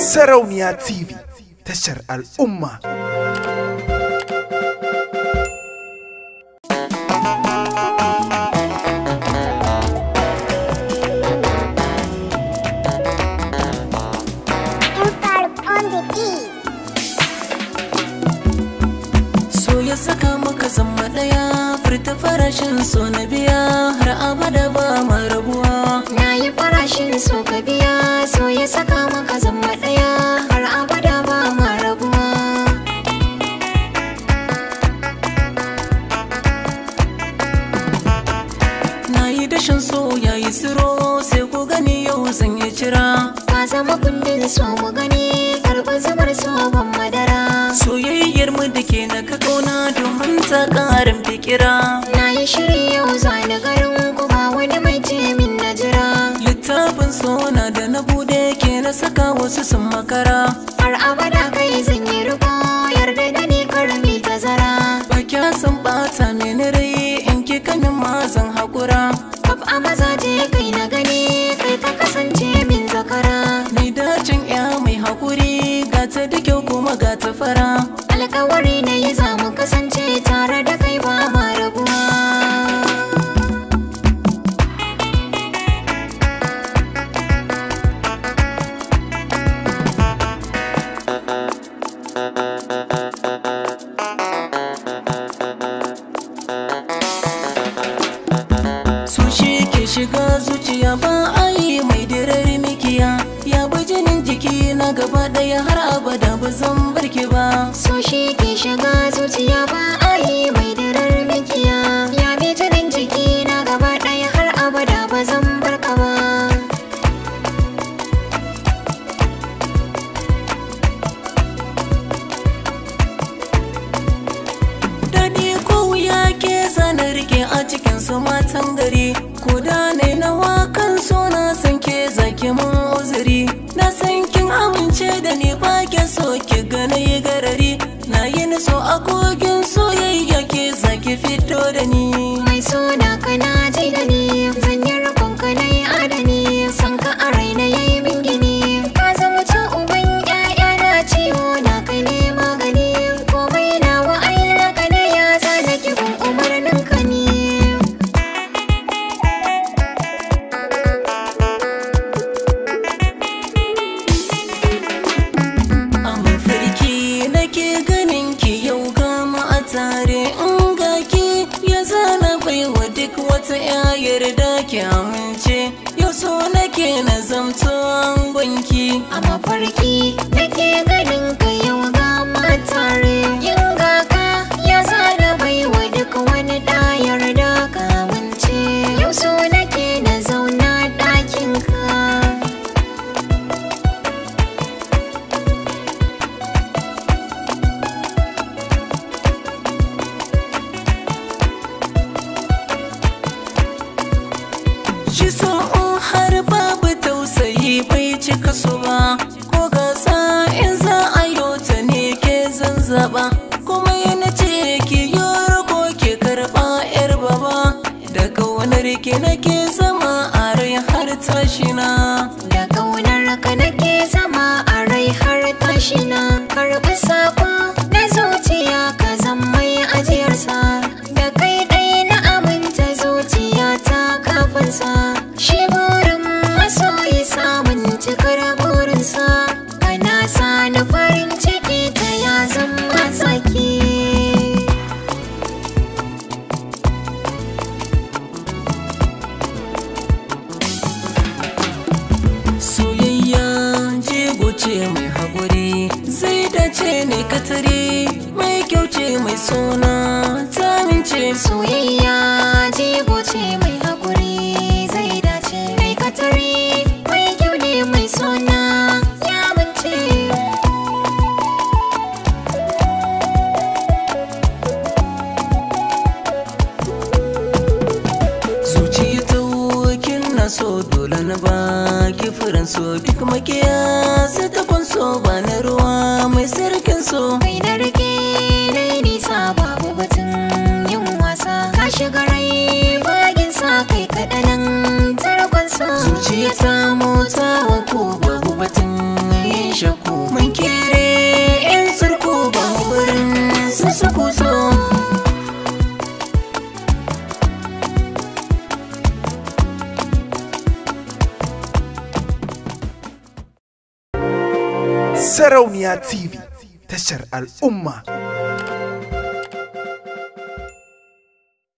Sarauniya TV tashar al'umma. ya saka maka zama daya furta farashin so na biya har abada ba ma rabuwa na yi farashin so ka biya so ya saka yi dashin so yayi yi tsiro sai ku gani yau zan yi jira ka zama kundin so mu gani karɓar zamar so ban madara soyayyar mu da ke na ka kauna domin ta ƙarin fikira na yi shiri yau zani garin ku ba wani mai ce min na jira littafin so na da na bude ke na saka wasu sun makara har abada kai zan a mazaje kai na gani kai ka kasance min zakara mai dacin ya mai hakuri ga ta da kyau kuma ga ta fara alkawari na yi za mu kasance tare da kai ba ma rabuwa Thank you. shiga zuciya ba a yi mai dirar mikiya ya bi jinin jiki na gaba daya har abada ba zan barki ba so shi ke shiga zuciya ba a yi mai dirar mikiya ya bi jinin jiki na gaba daya har abada ba zan barka ba Daɗi ko ya ke zanar ke a cikin su matan gari nawa kan so na san ke zaki mun uzuri na san kin amince da ni ba ke so ki ga nayi garari na yi so a duk wata yayar da ki amince yau so nake na zamto gwanki a mafarki nake so in har babu tausayi bai cika so ba ko gasa in za a yo ne ke zanzaba kuma yana ce ki yoro ko karɓa yar baba daga wani rike nake zama a rai har tashina suna ta mince soyayya jigo ce mai haƙuri zai dace mai katari mai kyau ne mai suna ya mince zuciya ta wukin na so dole na ba ki so duk makiya sai ta kwanso ba na ruwa mai sarkin so mai na rike shiga rai bagin sa kai ya tarkon sa zuciya ta mota ko babu batun yin shakku mun kere yan surku ba wurin su su kuso Sarauniya TV tashar al'umma.